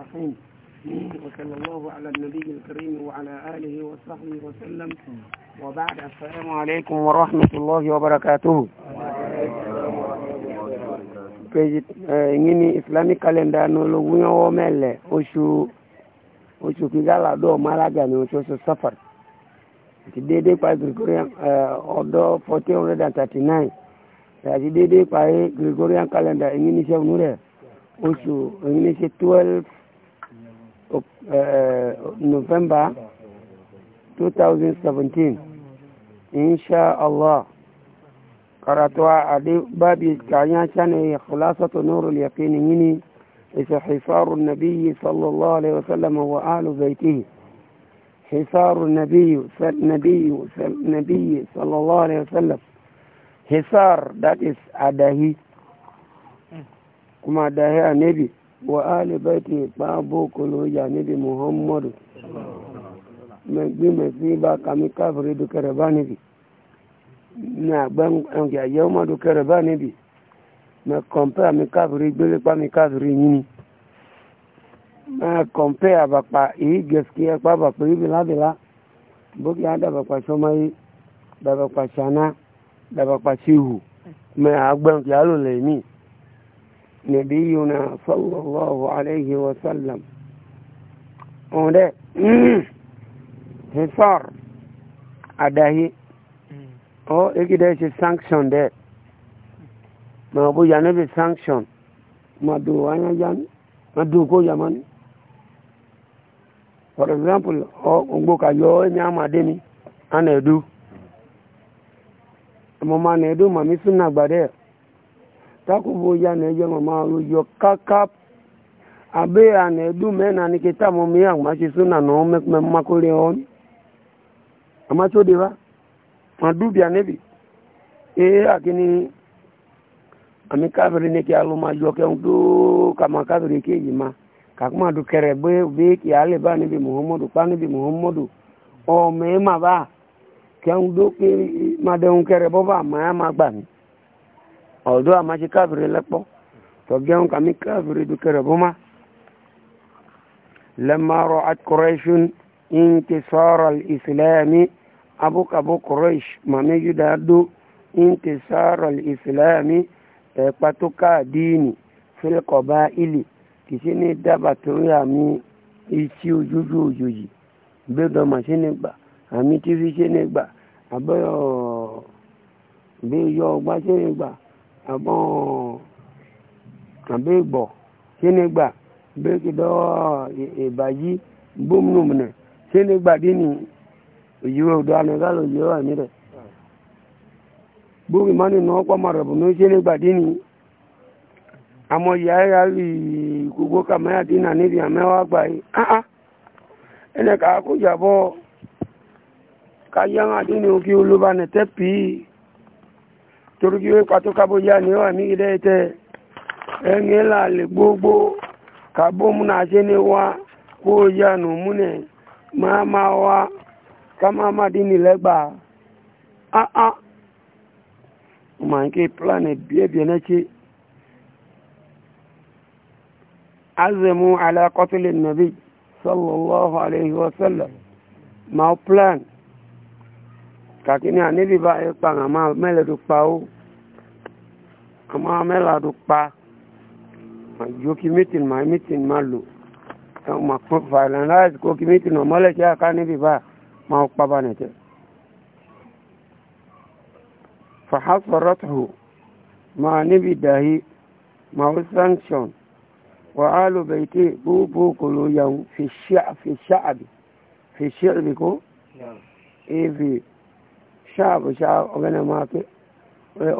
الصحيح وصلى الله على النبي الكريم وعلى آله وصحبه وسلم وبعد السلام عليكم ورحمة الله وبركاته ìyìn eh, ni islamic calendar ní ológun yọwọ́ mẹ́lẹ̀ oṣù oṣù kígàlà ọdọ́ málága ní oṣooṣù safar àti déédéé pa gregorian eh, ọdọ́ fourteen hundred and thirty nine àti déédéé pa gregorian calendar ìyìn ni iṣẹ́ òun rẹ̀ oṣù ni iṣẹ́ twelve Eh, November 2017 insha Allah karatuwa a babi kayan shane khulasatu nurul yaqini yini isa hisarun nabiyyi sallallahu alaihi wasallam wa ahlu baitihi حصار النبي النبي النبي sallallahu alaihi wasallam. وسلم that is adahi kuma adahi a nabi wa alibẹ́tì ìpáàbò kòló yà níbi muhammadu mẹgbẹ́mẹ sí bá kàmí káfìrí dúkẹrẹ bá níbi ní àgbẹ̀ǹkì àyẹ̀ ọmọ dúkẹrẹ bá níbi mẹ kọ̀ǹpẹ́ àmì káfìrí gbélé pàmì káfìrí yín ni mẹ kọ̀ǹpẹ́ àbàpà èyí gẹ̀ẹ́sì ẹ̀pá àbàpà yìí bìlábìlá bókì á dàbàpà sọmáyé dàbàpà sànà dàbàpà síhù mẹ àgbẹ̀ǹkì àlòlẹ̀ mìí. نبينا صلى الله عليه وسلم وده حصار أدهي أو إكده شي سانكشن ده ما أبو جانب سانكشن ما دوانا جان ما دوكو جمان for example ọgbọ́ kàyọ ẹni àmàdé mi a na-edu ọmọ ma na-edu ma mi sún na gbàdẹ́ ẹ̀ takubo ya na eje mama yo kakap abe ana edu me na nikita mo mi an ma chisu na no me me makole on ama chode ba madu bia nebi e akini ami kabri ne alu ma yo ke kama kabri ke yima kakuma du kere be be ki ale ba nebi muhammadu pa muhammadu o me ma ba ke ki ma de un ma gba ọ̀dọ́ àmáṣe káàbìrì lẹ́pọ̀ tọ́gẹ́hùn kàmí káàbìrì dúkẹrẹ bó má lẹ́mọ̀rọ̀ àkùrẹ́ṣùn ìǹkì sọ́rọ̀ ìsìlẹ́ẹ̀mí abúkàbú kùrẹ́ṣ màmí yúdà dó ìǹkì sọ́rọ̀ ìsìlẹ́ẹ̀mí ẹ̀pàtókà díìnì fílkọ̀bá ilì kìsí ní dábàá àmì iṣí ojújú òjòjì gbẹ́dọ̀ màṣínì gbà àmì tífíṣẹ́ nígbà àbẹ́yọ̀ bí yọ ọgbà ṣẹ́ni gbà àbọ̀ àbẹ́ ìgbọ̀ ṣẹ́nigbà bẹ́ẹ̀ kí dọ́ ìbàyí gbómìnà ṣẹ́nigbà dín ní òyìnbó ọ̀dọ́ anagalo yìí wà ní rẹ̀ gbómi mánì náà pọ́ màrọ̀ bùnú ṣẹ́nigbà dín ní àmọ́ ìyá ẹ̀yà lè gbogbo kàmáyà dín náà níbi àmẹ́wàá gbà yìí ẹnì kàákó jàbọ̀ káyọ̀ àdínní òkè olóbanẹ̀tẹ̀ pìí torugiwe kwato kabo ya ni wa mi ide te enge la le gbogbo kabo muna se ni wa ko ya nu mune mama wa kama ma dini legba ah ah ma nke planet bie bie na chi azamu ala qatl an-nabi sallallahu alayhi wa sallam ma plan kàkíní àníbi báyìí pa àmà mẹ́lẹ̀dù pa ó àmà mẹ́lẹ̀dù pa àjòkí mítìn máa mítìn máa lò ẹ̀wọ̀n máa pọ̀ fàìlànláìsì kó kí mítìn náà mọ́lẹ̀kẹ́ àká níbi bá máa pa bá nìtẹ̀. fàhásọ̀rọ̀tò máa níbi dàhí máa ó sanction wà á lò bẹ̀tẹ̀ búbú kò ló yàwó fi ṣáàbì fi ṣáàbì kó. Yeah ṣáàbù ṣáà ọ̀gẹ́nẹ̀ máa pé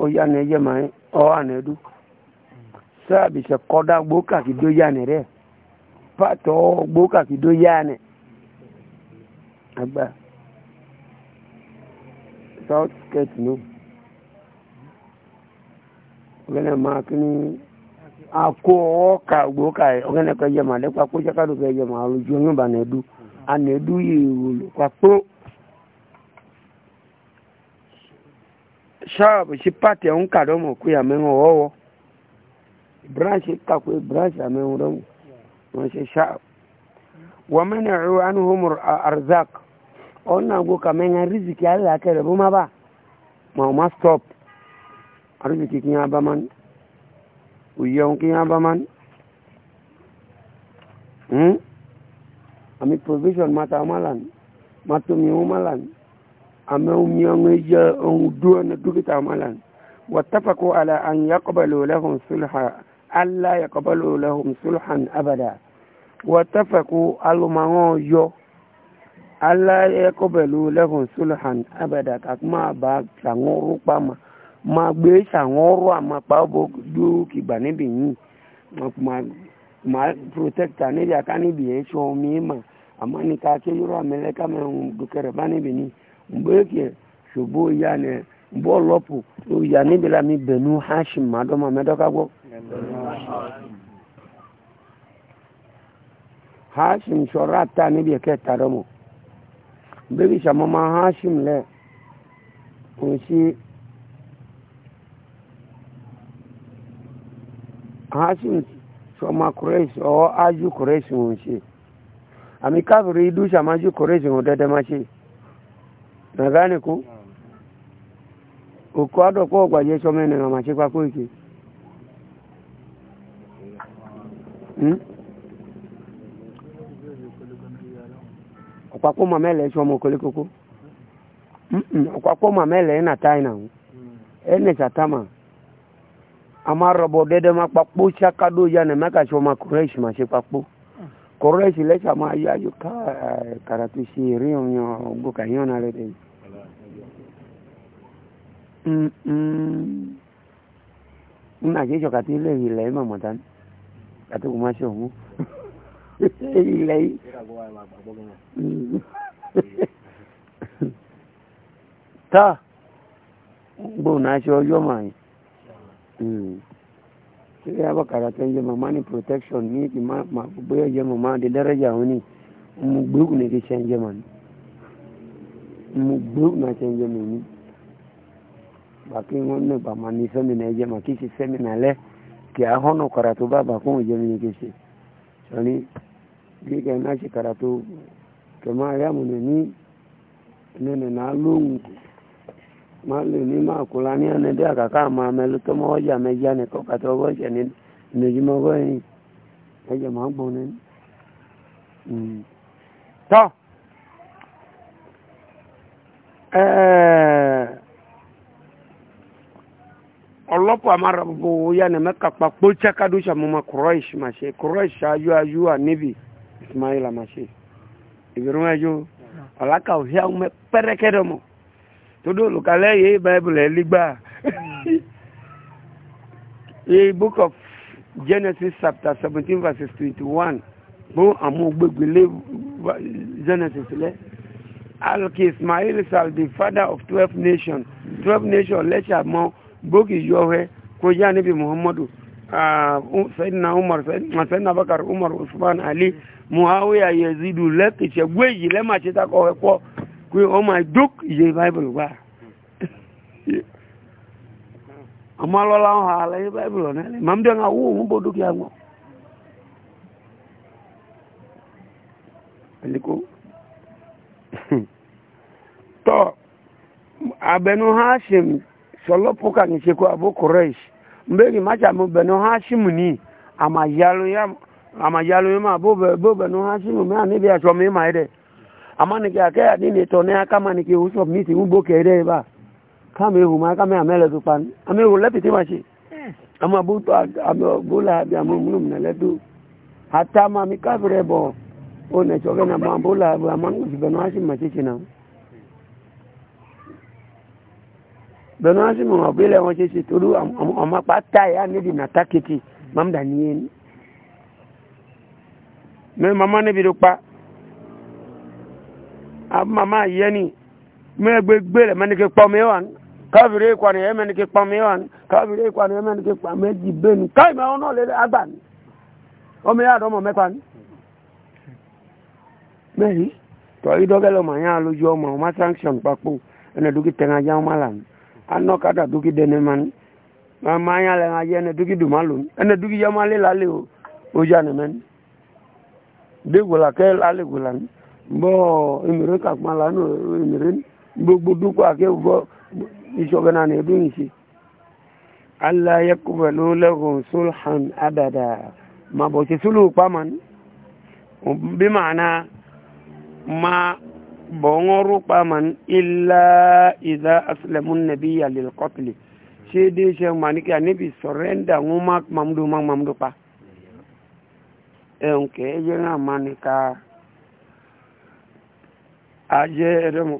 ó yá ni ẹjẹ́ máa ń ọwọ́ àná ẹdú ṣáàbù ṣe kọ́dá gbókà dó yá ni rẹ̀ pàtó gbókà kí dó yá ni àgbà south gate nù ọ̀gẹ́nẹ̀ máa kí ni akó ọwọ́ ka gbókà yẹ ọ̀gẹ́nẹ̀ kọ́ ẹjẹ́ máa lẹ́pàá kó ṣẹ́kádùn kọ́ ẹjẹ́ máa lójú ọyún bàánà ẹdú àná ẹdú yìí wò lópa pọ́. shaabu shi pati ya unka domo kuya mengo wowo branch kakwe branch ya mengo domo mwanshe shaabu wamani'u anhum arzak ona go kamenga riziki Allah kere buma ba ma ma stop riziki kinya ba man uyon kinya ba man hmm ami provision mata malan matum yu malan amewo miãŋe dze eŋu ɖo ne dókítà malan watafako ala an yakɔbalo lehum sulha ala yakɔbalo lehum sulhan abada watafako alumaŋɔ yɔ ala yakɔbalo lehum sulhan abada kakuma ba saŋɔru kpama ma gbe saŋɔru ama kpabo do kigba ne bi nyi ma ma protecta ne bi aka ne bi etsɔ mi ma ama nika ke yɔrɔ amɛ kame ŋu dukɛrɛ ba ne bi nyi mgbe e shogbo ya na mgbe ọlọpụ ya n'ebela mi benu hashim ma madọma medọkagwọ hashim chọrọ ata níbi ẹ̀kẹ́ tàdọ́mọ̀ bébí sàmọ́mọ́ e hashim le, òun sí hashim sọmọ kúrẹ́sì ọ́ ájú kúrẹ́sì òun sí àmì káfíìrì idú sàmájú kúrẹ́sì òun dẹ́dẹ́ má ṣe nadhani ku uko kwa kwa jecho mene na machekwa kuiki kwa kuma hmm? mele cho mokoliko ku mm -mm. kwa kuma mele ina taina ene chatama ama robo dede makpapo chakado ya ne maka cho makureishi machekwa kuiki correct lẹ́sà máa yí ayò kàràtú sí eré ọ̀yàn ọgbọ́kà yín ọ̀nà rẹ̀ dẹ̀yìn. nínú àjẹjọ kàtí ilé ilẹ̀ yìí màmọ́ tán kàtí kò má ṣe òun ilẹ̀ yìí. tá gbóhùn aṣọ ọjọ́ màá yìí sai ya bakara ta yi mama ni protection ni ki ma ma boyo je mama de daraja woni mu gbu ne ke change man mu gbu na change me ni ba ki won ne ba ma ni se mi ne je ma ki si se mi na le ki a hono karatu ba ba ko je mi ke se so ni bi ke na shi karatu kama ya mu ne ni ne na lungu ma le ni ma kula ni ane de akaka ma me lu to mo ya me ya ne ko ka to go je ni ne ji mo go ni e je ma hmm. to eh ọlọ́pọ̀ amárabọ̀ ya ne mẹ́ka pa kpọ́tsá kadu sa mo ma kurọ́ìsì ma ṣe kurọ́ìsì ayú ayú anibi ismaila ma ṣe ìbẹ̀rù ma ṣe ọ̀làkà òhìà todo olùkálẹ̀ yìí bible ẹ̀lígbà the book of genesis chapter seventeen verse twenty-one fún àwọn gbẹgbẹlẹ genesis lẹ alki ismail shall be father of twelve nations twelve nations lẹ́sà mọ́ gbógi yọ̀wẹ́ kọjá níbi muhammadu uh, um, sayidina umar sayidina abakar umar usman ali muawiya yazidu lẹ́kìtì gbẹ́yì lẹ́màṣẹ́ta kọ́ ẹ̀kọ́. kwe ọmọ oh duk ìyẹ bible wá ọmọ alọ́lá ọ̀hà alẹ́ bible ọ̀nà ẹ̀lẹ́ màá dẹ́ ń awó ụmụ bó dúkìá wọn. eliko tọ́ abẹnú hashim ha kà ní ṣe kó abó kọ́rẹ́ṣ mbẹ́rì má ṣàmú bẹnú hashim ní àmàyálóyè àmàyálóyè má bó benu hashim mẹ́ta níbi àṣọ mi má yẹ ịdị. amma ni ke akaya ni ne to ne aka ma ni ke usop mi ti ngbo ke re ba ka me hu ma ka me amele tu pan ame hu lepi ti ma shi eh. ama bu to ame bula bi amu mu ne le tu hata ma mi ka bre bo o ne choge na ma bula bu amangu si beno ashi ma chichi na beno ashi mu abile won chichi turu ama pata ya ni di natakiti mamda ni yen me mama ne bi do pa mama yeni me gbe gbele mani ke pa me wan kavire kwa ni emen ke pa me wan kavire kwa ni emen ke pa me di ben kai me ono le agba ni o me ya do mo me pa ni meri to i do gelo ma ya lo jo mo ma sanction pa po ene duki tenga ya malan anno kada duki dene man ma ma ya le ga yene duki du malun ene duki ya male la le o o ja ne men de gola ke la le gola ni bo imire kakma lanu imire gbogbo dúkọ akẹ́wọ̀ ìṣọ̀gbẹ́ náà nìyẹn dún ìṣe alayekuba ló lẹ́gùn sulhan adada ma bọ̀ ṣe sulu pamọ́ ni bí màánà ma bọ̀ ń rú pamọ́ ni ilá ìdá asilẹ̀mú nàbí yàlẹ̀ kọ́tìlì ṣé dé ṣe màníkà níbi sọ̀rẹ́ndà ń má mamdu má mamdu pa ẹ̀ ń kẹ́ ẹ jẹ́ ayé ẹ̀rẹ́mu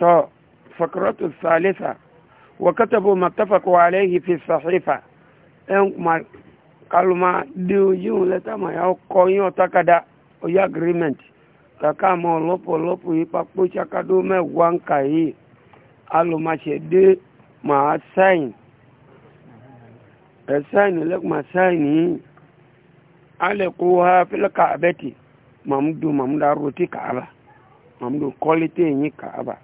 tọ́ fakarọ́tù salisa wakatabu matafaku alayhi fi sahifa ẹn kuma kaluma diw yiwu lẹ́tà ma yà kọ́ yín ọ̀tá kada oyè agreement kàkà mọ́ lọ́pọ̀lọpọ̀ yìí pàpọ̀ ṣàkàdó mẹ́wàá nkà yìí alùmọ̀ṣẹ̀dé màá sáyìn ẹ̀ sáyìn lẹ́kùn màá sáyìn yìí alẹ́kùn ha fílẹ̀kà abẹ́tì mamdu mamda ruti kaaba mamdu kolite yin kaaba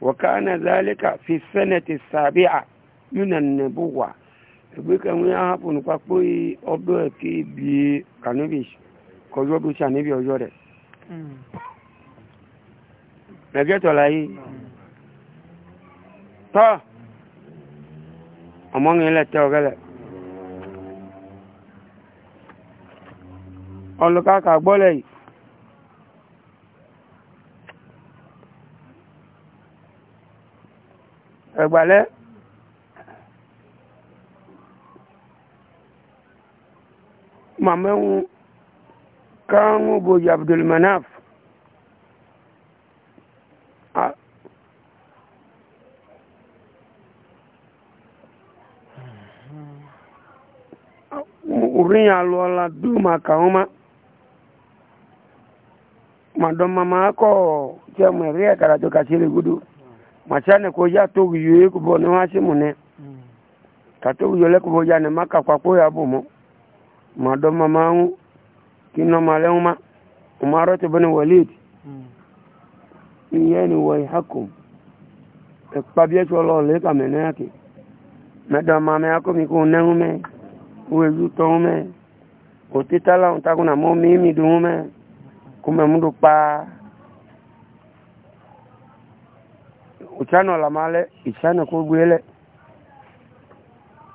wa kana zalika fi sanati sabi'a min an-nubuwa bi kan ya hapun pa pe odo ti bi kanabi kojo bi sha nabi ojo re mm nage to lai hmm. ta among ele to gele ọlọ́kàkà gbọ́lẹ̀ yìí ẹ̀gbàlẹ́ màmẹ́hùn káwọn bòjì abdulmanaf hmm. orin alọ́la dúró màkà wọn máa madoma mako cha mweria karatu kachiri gudu machane koja tugu yue kubone wasi mune katugu yole kuboja ne maka kwa kuya bumo madoma mangu kino malema umaro tibani walid iyeni wai hakum ekpabie cholo le kamene yake madoma me yako mikune ume uwezu to ume otitala na mo mimi dume Kume kpaa pa uchano la male kogoe lɛ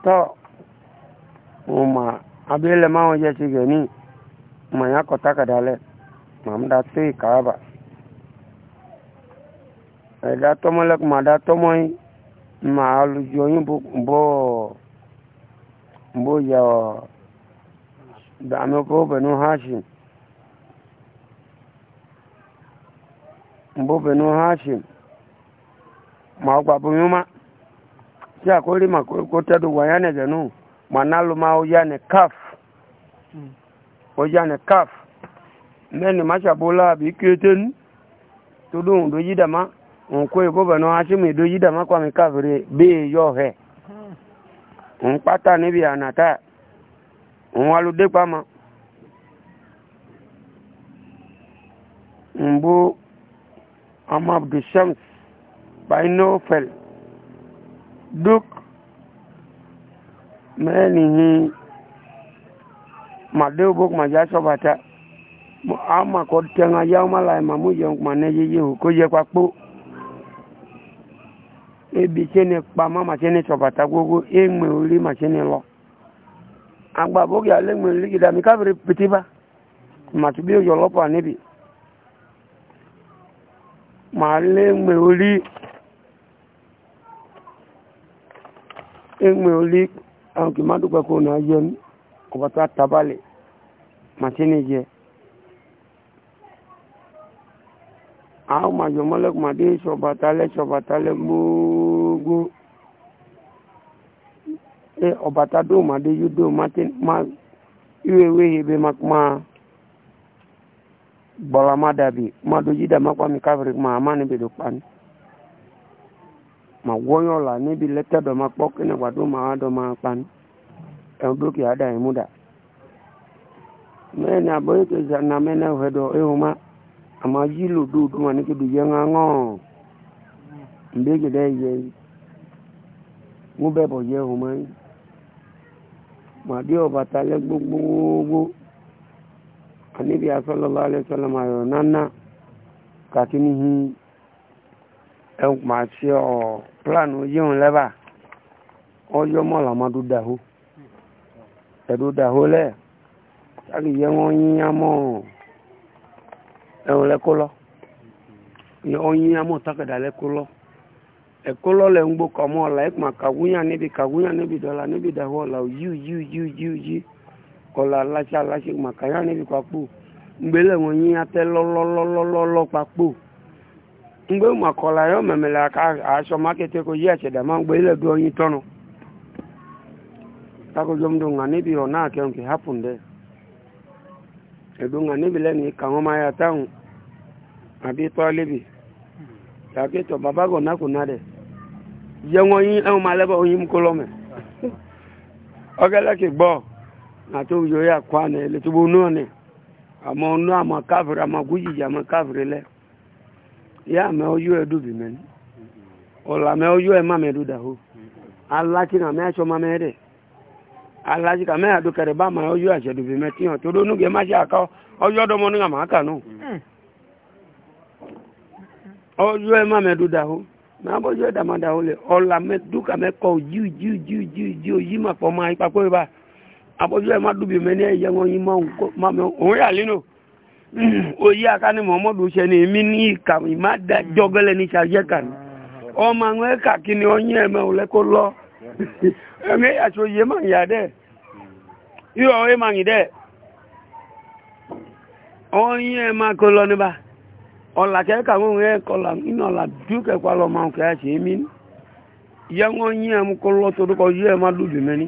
to uma abe lɛ ma wɔdze tsi gɛni ma ya kɔta kada lɛ mamu da te kaba ɛda tɔmɔ lɛ kuma da yi ma aludzɔ yi bo bo ya yɔ dame ko benu hashim. mgbe benu hashim ma ọ gbabu yuma tí àkórí ma kó tẹ́dù ya na jẹ̀nu ma náà ló máa na kaf ó yá kaf mẹ́ni má ṣàbólá àbí kété ní tó dóhùn dójí benu hashim ìdójí yọ Amma Abdul Shams by Nofel. Duk mẹ́rìnhìn màdéwòbókù màjá sọ́bàtà àmà kọ́ tẹ́ran ayá ọmọ láì màmú yẹn kùmà náà yẹyẹ ò kó yẹ papò ebi tí ni pamọ́ màtí ni sọ̀bàtà gbogbo éèmù orí màtí ni lọ agbábókè alẹ́ mú lígidà mi káfíìrì pìtì bá màtí bí yọ lọ́pọ̀ níbi màá lé ègbè orí ègbè orí àwọn kì má dúpẹ́ kó nà yẹ ọba tó àtàbálẹ̀ màtínì jẹ àwọn màjọ mọ́lẹ́kùn màdé ṣọ̀bàtálẹ̀ ṣọ̀bàtálẹ̀ gbogbo ẹ ọ̀bàtà dóò màdé yóò dóò má ìwé ìwé ìbí má kúmáà bọ̀rọ̀ má dàbí má dojú dà má pàmì káfíìrì má má níbi ló pani mà wọ́yọ̀ là níbi lẹ́tẹ̀ dọ̀ má pọ́ kí ni wàá dó má wá dọ̀ má pani ẹ̀hún dókè á dà yín mú dà mẹ́rin ní abọ́ yìí kejì àná mẹ́rin náà fẹ́ dọ̀ ehun má àmọ́ yí lò dúdú má ní kí dùn yẹn ńlá ńlọ́ọ̀ mbéjì dẹ́ yẹ yìí ń bẹ̀ bọ̀ yẹ ehun má yìí màdí ọ̀bàtà lẹ́ gbogbogbò. anibi asọlọlọ alẹsọlọm ayọ nana kàkínní hi ẹ máa ṣe ọ plan yíyún lẹ́bà ọjọ́ mọ́lá máa dó dàhó ẹ̀dó dàhó lẹ̀ sáàkì yẹ wọ́n yín amọ́ ẹ̀hún lẹ́kọ́ lọ wọ́n yín ń níbi níbi kọla aláṣẹ aláṣẹ màkàrà níbi papò ngbélé wọn yín atẹ lọlọlọlọlọ papò ngbé màkọlà yi mẹmẹlẹ aka aṣọ mákẹtẹ kò yí ẹsẹ dàmá ngbélé dùn ọyìn tọnà takojú ọmọdé ńgà níbi ọ̀nà àkẹrùn kì hápùn dẹ ẹ̀dùn ńgà níbi lẹ́nu ìka wọn máa yà táwọn àbí tọ́lẹ́bì tàbítọ̀ bàbá gọ̀ àti òjò yà kọ́ àná ilé tó bó nú ọ̀nà àmọ́ nú àmọ́ káfìrí àmọ́ gújìjì àmọ́ káfìrí lẹ́ yà àmọ́ ọjọ́ ẹ̀ dùbì mẹ́ni ọ̀là àmọ́ ọjọ́ ẹ̀ má mẹ́rin dà hó alákìnà àmọ́ ẹ̀ṣọ́ má mẹ́rin alajika mẹ adukẹrẹ bá ma ọjọ àṣẹdùbí mẹ tiyan tó ló núgẹ má ṣe àkọ ọjọ dọmọ ní àmà kànú ọjọ ẹ má mẹdu dàhó mẹ abọjọ ẹ dàmà dàhó lẹ ọlà mẹ dúkà mẹ kọ jíu jíu jíu jíu jíu abọ́jú ẹ̀ má dùbì mẹ́ni ẹ̀ yẹ wọn yín má mẹ́ òun yà lẹ́nu oyé akáni muhammadu sẹni èmi ní ìkà ìmá jọgẹlẹ ní sàjẹ kàn ọmọ àwọn ẹka kìíní ọyìn ẹmẹ òun lẹkọọ lọ ẹmẹ àti oyè má yà dẹ yíyọ oyè má yìí dẹ ọyìn ẹmẹ kọ lọ níbà ọlàkẹ ẹka wọn ẹ kọlà iná ọlà dúkẹ kọ lọ máa kẹ ẹ ṣe é mí yẹ wọn yín ẹmẹ kọ lọ tó dúkọ yíyẹ má dùbì mẹni.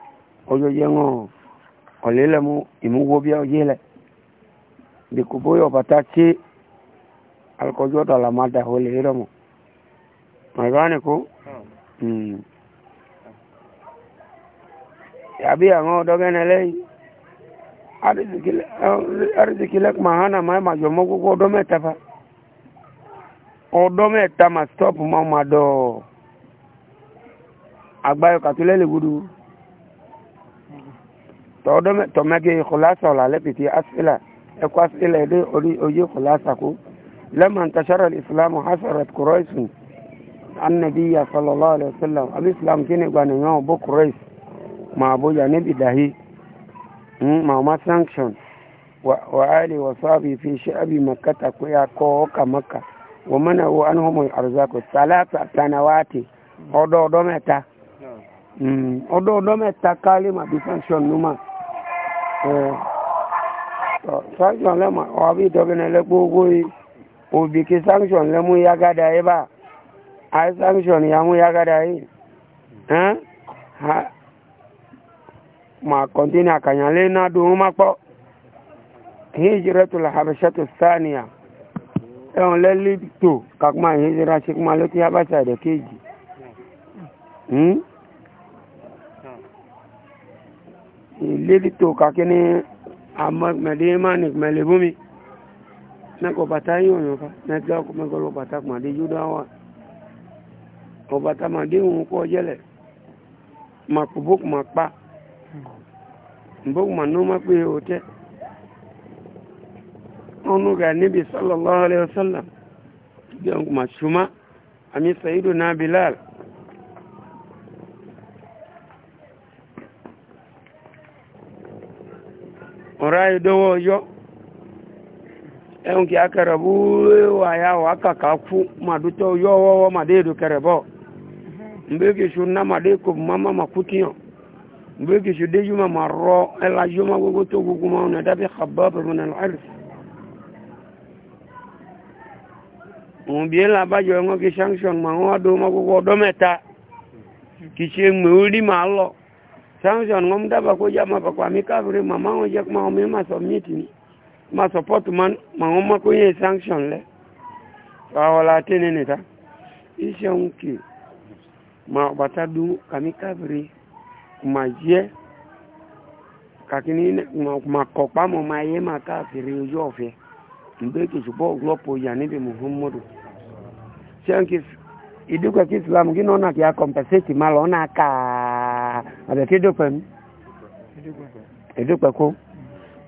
oyo yengo olele mu imugo bia yele de kubo yo batachi al ko jota la mata hole hiromo magane ko hmm ya bia ngo dogene lei ardi kile ardi mahana mai ma yomo ko do meta fa o do meta ma stop ma ma do agbayo katulele gudu tɔmɛge kulasa la lɛ piti asila ɛkɔ asila yɛ de ori oye kulasa ko lɛman tashara isilamu hasarat kuraisu anabi ya sallallahu alaihi wasallam abi islam kini gbani yɔn bo kurais maa bo ya nebi dahi maa hmm, ma sanction wa ali wa sabi fi sha'abi makkata ko ya ko ka makka wa mana wa anhum arzaku salata tanawati odo odo meta odo hmm, odo meta kalima bi sanction numa sanction lẹ́mọ̀ ọ̀bí ìtọ́gẹ́nà lẹ́pọ̀ owó òbíkí sanction lẹ́mú yágádà yìí bá sanction yàmú yágádà yìí ma kọ̀ntínì ha náà dùn má pọ̀ hijira tó làhàbẹ̀ṣẹ́ ẹ̀wọ̀n lẹ́lí tó hijira ṣe kúmá ló ti yá bá lady to kakini amadimanik melebumi nako bata yoyo ka netga ko megolo bata ma di judawa ko bata ma di un ko jele makubuk makpa mbok manu makwe ote onu ga nabi sallallahu alaihi wasallam bi on ma shuma ami sayyiduna bilal ọ̀rá ìdọ́wọ́ ọjọ́ ẹ̀hùn kí a kẹrẹ̀ bú wàyà wà kàkà kú màdútọ́ yọ wọ́wọ́ màdé èdò kẹrẹ̀ bọ́ mbékìsù ná màdé kò mọ́mọ́ mà kú tiyan mbékìsù déjú mà mà rọ ẹ̀la yọ má gbogbo tó gbogbo mọ́ ọ̀nà dábì xabá bẹ̀rù nà lọ́ọ̀rì. òun bíi ńlá abájọ ẹ̀wọ̀n kí sanction mà wọ́n adó má gbogbo ọdọ́ mẹ́ta kì í ṣe mèwúrí mà á lọ. Sanction ngom daba ko jama pa kwa mikavri mama ngo jak ma omi ma submit ni ma support man ma ngoma ko ye sanction le ka wala tene ne ta isionki ma batadu kamikavri kuma je kakini ma ma kopa mo ma ye ma kafiri ojo ofe mbe ki subo glopo ya ni bi muhammadu sanki iduka ki islam gino na ki compensate ma na ka àbẹ̀kí dópẹ̀ mi ìdópẹ̀ kó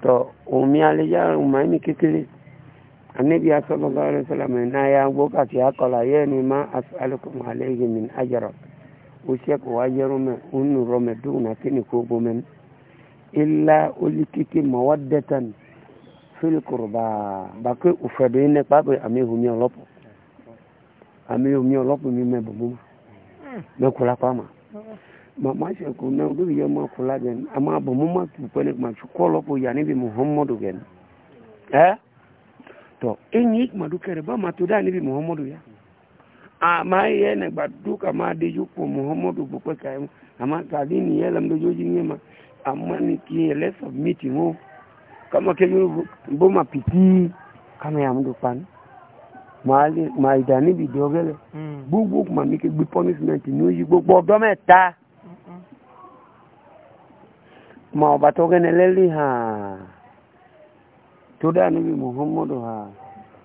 tọ omi alẹ́yà ọmọẹ́mí kékeré anabi asọ́lọ́gbà rẹ̀ sọ́lọ́mọ ẹ̀ náà yà ń gbó kàtí akọ̀là yẹ́ ni má asọ́lọ́kùn alẹ́yìn mi ajẹ́rọ̀ ó ṣẹ́kù wá yẹ́rọ mẹ́ ònú rọ mẹ́ dùn náà kí ni kó gbó mẹ́ ní. ilá olú kíkí mọ́wọ́ dẹ́tàn fílkùrùbà bàkú òfèdè ní pápẹ́ àmì ìhùmí ọlọ́pọ̀ àmì ìhùmí ọlọ́pọ̀ mi mẹ́ bùbú mẹ́kùlá pàmò mama se ko na do ye ma kula gen ama bo mama tu pele ma chu kolo po ya bi muhammadu gen eh to enyi ma du kere ba ma to da ni bi muhammadu ya ama ye ne ba du ka ma de ju ko muhammadu bu ko kai e ama ka di ni ye lam do joji ni ma ama ni ki le so meeting o kama ke yu bo ma piti kama ya mdu pan maali maidani bi dogele gbogbo hmm. kuma mi ke gbi punishment ni o yi gbogbo ọdọ mẹta ma ọba tó gẹ́nẹ lẹ́lí ha tó dá níbi muhammad ha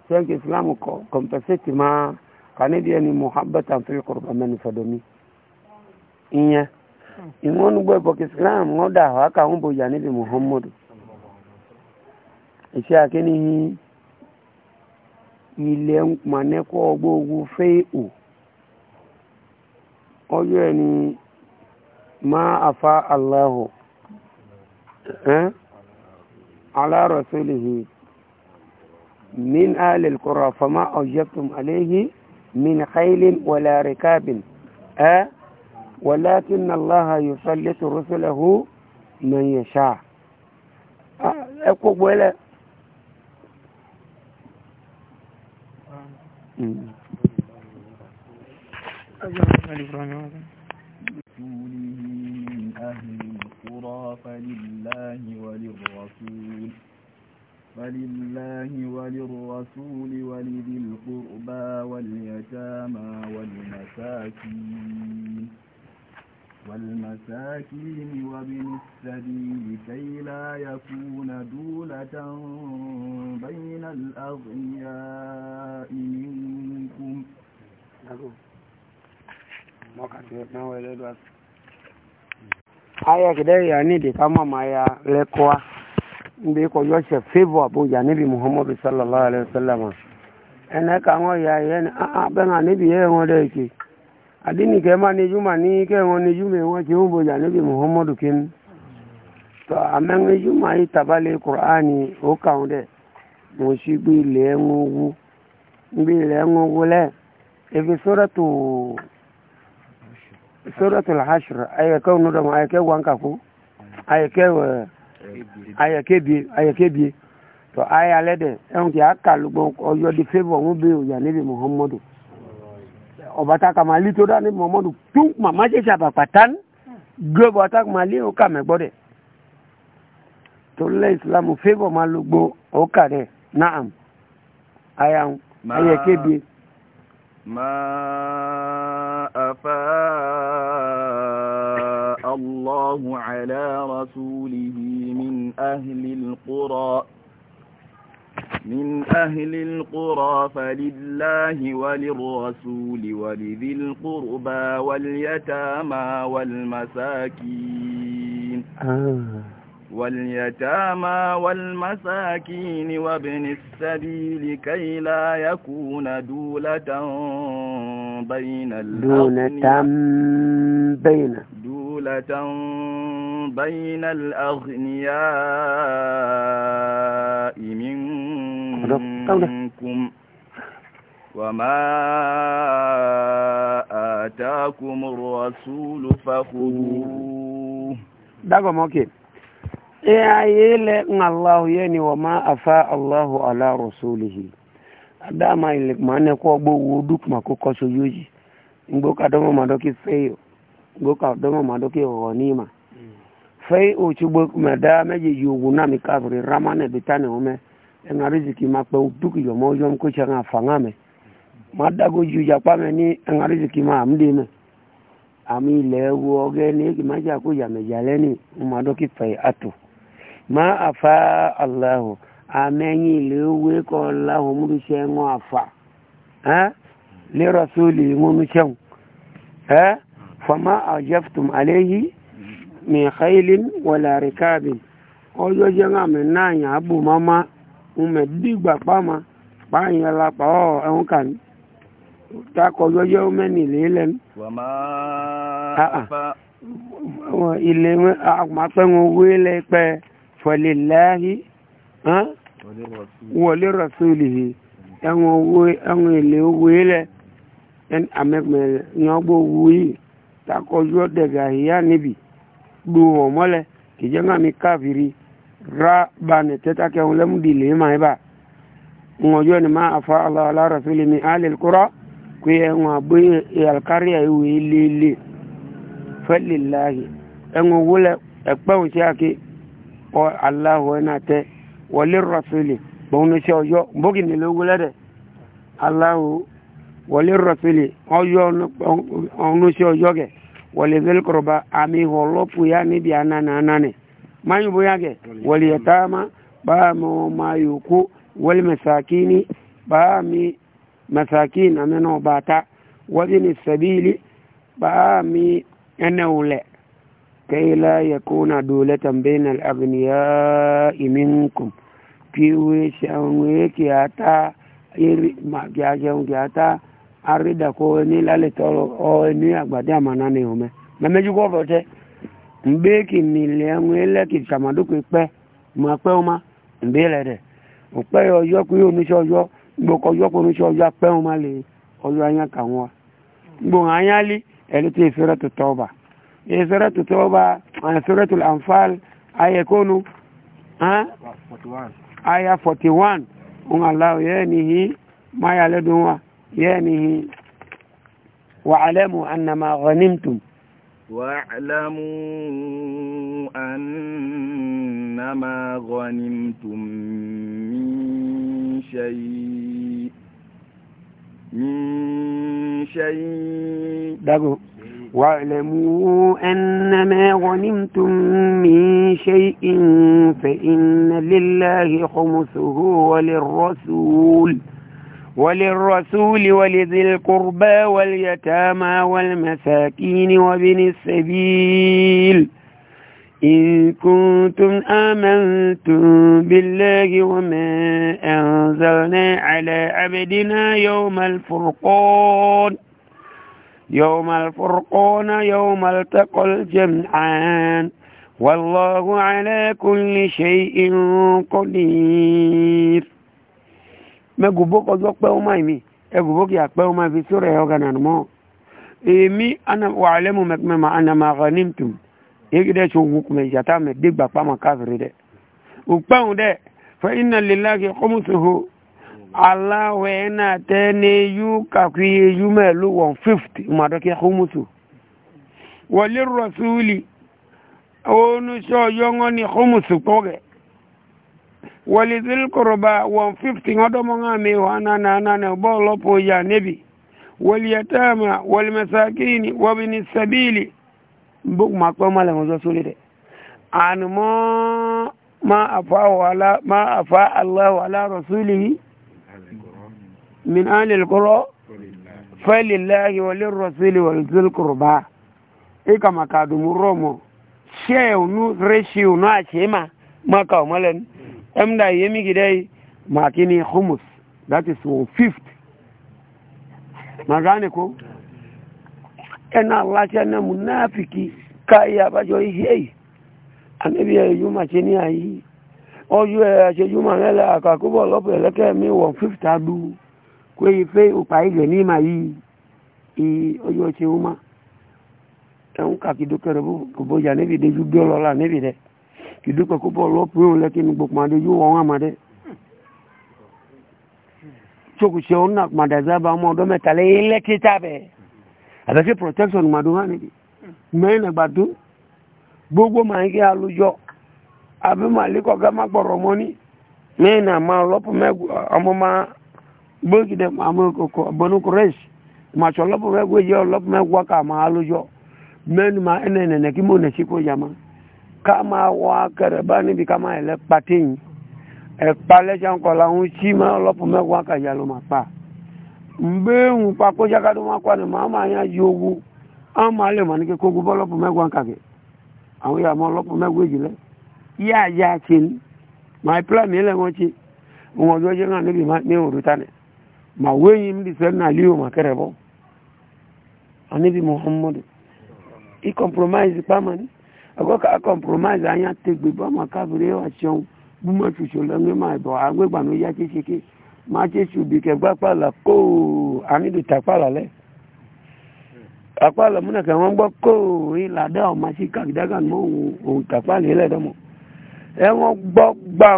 sẹ́ńkì islam kọ̀mpẹ́sẹ̀tì máa kàníbi ẹni muhammad àfihàn kọ̀rọ̀bà mẹ́ni fọ̀dọ̀mí ìyẹn ìwọ́n gbọ́ ìbọ̀kì islam wọ́n dà wá ká wọ́n bòyà níbi muhammad iṣẹ́ akíní ilẹ̀ mọ̀nẹ́kọ́ gbogbo fẹ́ẹ̀hù ọjọ́ ẹni máa afa aláhùn إيه؟ على رسوله من أهل القرى فما أوجبتم عليه من خيل ولا ركاب أه ولكن الله يسلط رسله من يشاء أقول إيه؟ أجل إيه؟ من أهل القرى فلله وللرسول فلله وللرسول ولذي القربى واليتامى والمساكين والمساكين وابن السبيل كي لا يكون دولة بين الأغنياء منكم نعم. aya kidai ya nidi kama maya lekwa mbi ko yoshe favor abuja nabi muhammadu sallallahu alaihi wasallam ene ka ngo ya yen a a be na nabi ye ngo de ki adini ke ma ni juma ni ke ngo ni jume ngo ti umbo ya nabi muhammad kin to amen ni juma yi tabale qur'ani o ka onde mo shi gbe le ngo wu mbi le ngo wu le e bi suratu suratul hashr aya ka nu da aya ke wanka ko aya ke aya ke bi aya ke bi to aya le de en ki akalu gbo oyo di favor mu be o ya ni bi muhammadu obata kama li to da ni muhammadu tu mama je sa papatan gbogbo ata kama li o ka me gbode to le islam favor ma lu gbo o ka de na'am aya aya ke bi ma الله على رسوله من أهل القرى من أهل القرى فلله وللرسول ولذي القربى واليتامى والمساكين آه. واليتامى والمساكين وابن السبيل كي لا يكون دولة بين الأغنياء دولة بين دولة بين الأغنياء منكم وما آتاكم الرسول فخذوه دقم أوكي e ayele Allah yeni wa ma afa Allahu ala rasulihi adama ile mane ko gbo wo duk ma ko ko so yoji ngbo ka do ma do ki feyo goka domo madoki ghanima hmm. fei uchugbo mada meje yugu na mikavri ramane bitane ume enga riziki makpe utuki yo mojo mkucha nga fangame mada goju japame ni enga riziki ma amdime ami lewu oge ni kimaja kuja mejaleni madoki fei atu ma afa allahu amenyi lewe ko allahu mudishe ngo afa ha le rasuli ngunu cheng ha fama àjẹ́fùtùm àléyí mìíkàílín wọlé àríkàbì ọjọ́ jẹ́ àmì náà yàn ábò máma ọmọ dìgbà pàmà pààyàn lápá ọ̀ ẹ̀hún kà ní takọjọ́ jẹ́ ọmọnì lélẹ́nu. wàmà ah, ah. àpá. ilé àpapẹ̀wọ̀n owó ilẹ̀ pẹ́ fọlẹ̀ láàyè wọlé rọ̀sùlì ẹ̀wọ̀n ilé owó ilẹ̀ àmẹ́gbẹ̀rẹ̀ yàn gbọ́ owó yìí. takɔjɔ dɛgɛ ya níbi du wọn mɔlɛ kìjɛ ŋa mi káfìrí ra ba ní tẹ́tà kẹwọn lẹ́mú di lè má yẹ bá ni ma afa ala ala rasuli mi alil kura kò yẹ ŋɔ abó alikari yẹ wò lele fẹlilahi ɛŋɔ ake ɔ alahu ɛna tɛ alahu ɔnu kɛ. walidhil qurba ami holopu ya ni bi anana anane mayu Wali waliyatama ba mo mayuku wal masakini ba mi masakin ameno bata ni sabili ba mi enaule kay la yakuna dulatan bainal aghniya minkum kiwe shawe kiata iri ma kiaje arida ko ni lale toro o ni agbade amana ni o me me meju ko mgbe mbe ki ni le un ele ki samadu ko pe ma pe o ma mbe le de o pe oyo ku yo ni sojo gbo ko yo ko ni pe o le anya ka won gbo anya li ele ti e suratu tauba an suratul anfal aya 41 un ma ya يامه يعني واعلموا أن ما غنمتم واعلموا أنما غنمتم من شيء من شيء دقوا واعلموا أنما غنمتم من شيء فإن لله خمسه وللرسول وللرسول ولذي القربى واليتامى والمساكين وابن السبيل إن كنتم آمنتم بالله وما أنزلنا على عبدنا يوم الفرقون يوم الفرقون يوم التقى الجمعان والله على كل شيء قدير mẹ́gùbó kọjọ́ pẹ́ ó máa mi ẹgùbó kìí àpẹ́ ó máa fi sóra ẹ̀ ọ̀gá nànú mọ́ èmi wà lẹ́mu mẹ́kúmẹ́mà anamaha nímtum yéegi dẹ́ sọ wù kùmẹ̀ ìjàtà mẹ́ dégbà pàmò káfìrí dẹ́ òpẹ́hùn dẹ́ fẹ́ iná lélá kí kọ́mùsùnhó aláwẹ̀ náà tẹ́ ní yú kàkú yéyú mẹ́lú one fifty màdọ́kẹ́ kọ́mùsù wọlé rọ̀súlì oníṣọ́ yọ́ngọ́ ní kọ́mùsù kọ́gẹ̀ẹ́ walidhil qurba 150 ngodomo ngami wanana nana bolo po ya nebi waliyatama walmasakini wabni sabili mbuk makoma la ngozo sulide anmo ma afa wala ma afa Allah wala rasulihi min ahli alqura falillahi walirrasul walidhil qurba ikama kadumuromo sheu nu reshiu na chema maka omalen emda yemi gidai makini that is one fifth magane ko ena lacha na munafiki kai abajo hei anabi yuma chini ayi oju e se yuma lele akakubo lopo eleke mi one fifth adu kwe ife upa ile ni ma yi ihe oju e se yuma en ka obo robo boja nebi de kìdúpẹ́ kó bọ̀ lọ́pẹ́ òun lẹ́kí ní gbogbo àdé yóò wọ́n àmàdé tsokùsẹ̀ òun náà màdàzá bá ọmọ ọdọ́ mẹ́ta lẹ́yìn lẹ́kí tábẹ̀ àbẹ̀kẹ́ protection màdó wà mẹ́rin nàgbà tó gbogbo màá ń kí alójọ àbí màlíkọ̀ gá má gbọ̀rọ̀ mọ́ ní mẹ́rin ọmọ àmọ́ kama wa kẹrẹba níbi kama ẹlẹ pàtẹyìn ẹpa e lẹjà ńkọ làwọn tí máa lọpọ mẹwàá kàyà ló máa pa nbẹ́hùn pakójákadó máa kọ́ ni màá máa yá ju owó àwọn máa lè mọ̀ ní kíkó gbọ́ lọpọ mẹwàá kàkẹ́ àwọn yàrá máa lọpọ mẹwàá èjì lẹ yíyá yá ti ní màá pílà mí lẹ wọn ti wọn ọjọ́ jẹ́ náà níbi ní òru tani màá wéyìn mi dìfẹ́ náà lé òun àkẹrẹ bọ́ àníbi muhammadu i pàmò ni agoka compromise anya tegbe ba ma kabire wa chon bu ma tu so lenwe ma do agbe gba no ya keseke ma che su bi ke gba pala ko ani du ta pala le apala muna ka won gbo ko ila da o ma si ka daga mo o ta pala le do mo e won gbo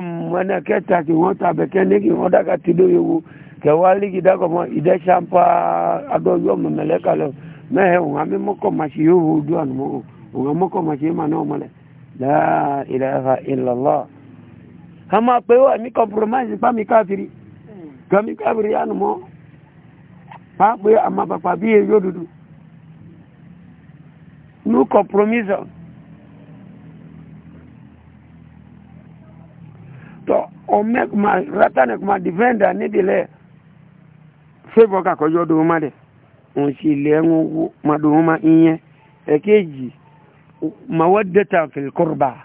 ta be ke ni ki won ti do yewu ke wa ligi daga mo ide champa ado yo mo meleka le me he won ami mo ko ma si yo do anu òǹkàmọ́kọ̀ màṣẹ mà náà mọ́lẹ̀ láà ìlàhà ìlàlá a máa pé wà ní compromise pàmì káfìrí gami káfìrí yánu mọ́ máa pé àmà pàpà bí èyí òdúdú no compromise tọ ọmẹk ma ratanek ma defender nídìílẹ̀ favour kakọjọ́ dòun má dẹ̀ òun sì lẹ́ẹ̀ń wo má dòun má ìyẹn ẹ̀kẹ́jì. E mawaddata fil qurba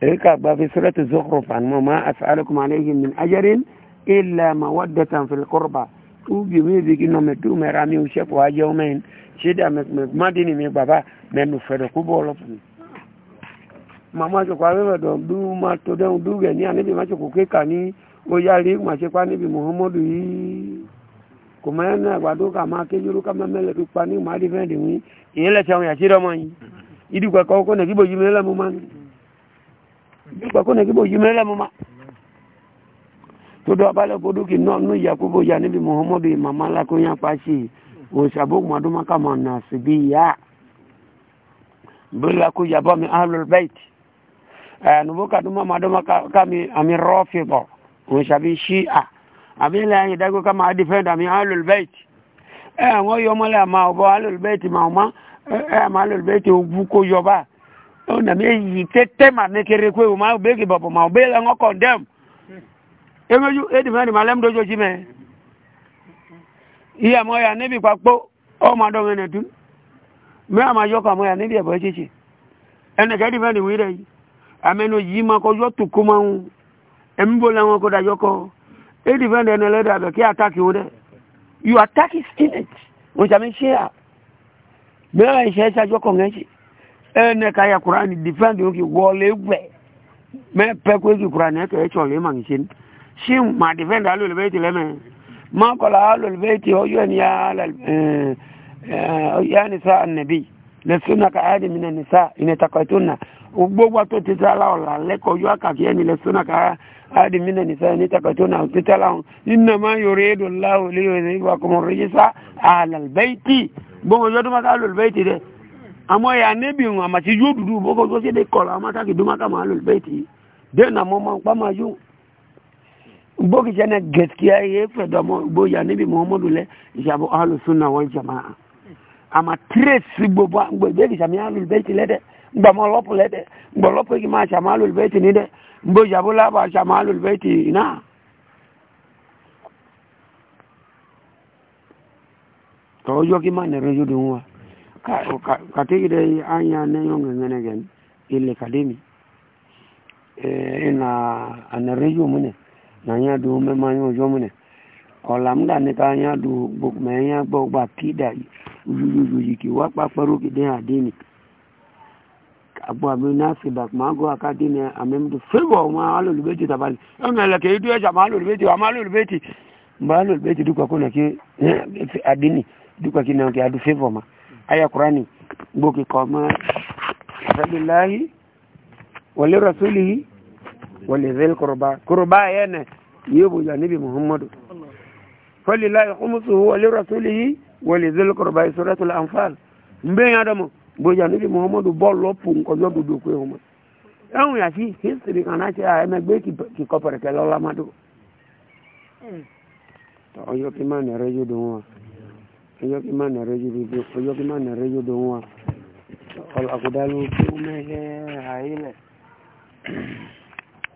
eka gba fi surati zukhruf an ma as'alukum alayhi min ajrin illa mawaddatan fil qurba tu bi mi bi kino me tu me rami u shepo aje o men shida me me madini me baba me nu fere ku bolo fun mama jo kwa we do du ma to de du ge ni anibi ma ko ke ka ni o ya ri ma se muhammadu yi ko ma na gba do ka ma ke yuru ka ma mele pa ni ma di fe de wi ile se on ya ti do mo idi kwa kwa kone kibo jimela muma idi kwa kone kibo jimela muma todo abale koduki no no yakubo ya nabi muhammad mama la kunya pashi o sabo maduma kama nasibiya bila ku yaba mi ahlul bait eh nubo kaduma maduma kami ami rafida o shabi shi'a abila yidago kama defender mi ahlul bait eh ngoyo mala ma obo ahlul bait ma ma ẹ máa lè bẹ́ẹ̀ tó bú kó yọba ó nà mí èyí tẹ́tẹ́ mà ní kéré pé o máa bẹ́ẹ̀ kì bọ̀bọ̀ mà o bẹ́ẹ̀ lọ́ngọ́ kọ̀ndẹ́m emeju edifẹ́ ni malẹ́m dojo jí mẹ́ iye àmọ́ ya níbi papọ̀ ọ máa dọ́ ẹnẹ tún mẹ́ àmà yọ kàmọ́ ya níbi ẹ̀bọ̀ ẹ̀ṣẹ̀ṣẹ̀ ẹnẹkẹ́ edifẹ́ ni wíìrẹ̀ yìí àmẹ́nu yìí máa kọjọ́ tó kó máa ń ẹ̀mí bó làwọn kó dájọ́ kọ́ edifẹ́ ni ẹnẹlẹ́dàbẹ̀ kí attack yóò dẹ̀ you attack his student wọ́n ṣàmì ṣe à mẹ́ra ìṣẹ́ ìṣàjọ́ kọ̀ngẹ́ṣì ẹnẹ́ káyà kùránì dìfẹ́ǹdì òkè wọlé gbẹ̀ mẹ́pẹ́kọ́ èkì kùránì ẹ̀kẹ́ ẹ̀ṣọ́ lè mà ń ṣe ní ṣí mà dìfẹ́ǹdì alólùbẹ́ẹ̀tì lẹ́mẹ̀ mọ́kànlá alólùbẹ́ẹ̀tì ọyọ́ ni yá nìṣá ànàbí lẹ́sùnà káyàdì mi nìṣá ìnẹ̀tàkọ̀tùnà gbogbo tó ti tẹ́lá ọ̀la ni yọ àkàkí ẹni lẹ́sùnà káyàdì mi nìṣá ìnẹ̀tàkọ̀tùnà ti tẹ́lá ala ìnàmá yorùbá lẹ́yìn ìwà kọ̀mọ̀rẹ́yẹsà àlàlbẹ́ẹ̀tì gbogbo ọjọ́ maka lòlùbẹ́ẹ̀tì rẹ̀ àmọ́ ẹ̀yà níbi ìwọ̀n àmàtí yóò dúdú gbogbo ọjọ́ sí kọ̀lá amátákì dúmákà máa lòlùbẹ́ẹ̀tì dẹ́nà mọ́ máa ń pa máa yóò gbókì jẹ́ gẹ̀ẹ́sìkìá yẹ fẹ̀dọ̀mọ́ gbóyà níbi muhammadu lẹ ìṣàbọ̀ alùsùnà wọ́n jẹ̀má àmà tírèsì gbogbo gbẹ̀gbẹ̀kì sàmì alùlùbẹ́ẹ̀tì lẹ́dẹ̀ gbàmọ́ lọ́pù lẹ́dẹ̀ gbọ̀lọ́pù kì máa sàmì alùlùbẹ́ẹ̀tì nídẹ̀ gbóyàbó lábà sàmì alùlùbẹ́ẹ̀tì náà tɔɔjɔ k'i ma nɛrɛ jo don wa ka ka tigi dɛ an y'a ne yɔ ŋɛŋɛnɛ kɛ ile ka di mi ɛɛ na a nɛrɛ jo mun nɛ na n y'a don mɛ ma yɔ jɔ mun nɛ ɔ la n da ne ka n y'a don mɛ n y'a gbɔ gba k'i da duka kina ke adu favor ma aya qurani gboki ko ma sabillahi wa li rasulihi wa dhil qurba qurba yana yebu ya nabi muhammadu falillahi khumsuhu wa li rasulihi wa li dhil qurba suratul anfal mbe adamu boja nabi muhammadu bollo pun ko yodu du ko huma ẹ̀hùn yàtí history kan láti ẹ̀mẹ́gbé kìkọ́ pẹ̀rẹ̀kẹ́ lọ́la mádùn. ọ̀yọ́ hmm. kí máa nẹ̀rẹ́ yóò dùn wọn oyo ma na reju bi oyo ki ma na reju do wa al akudalu ku me aile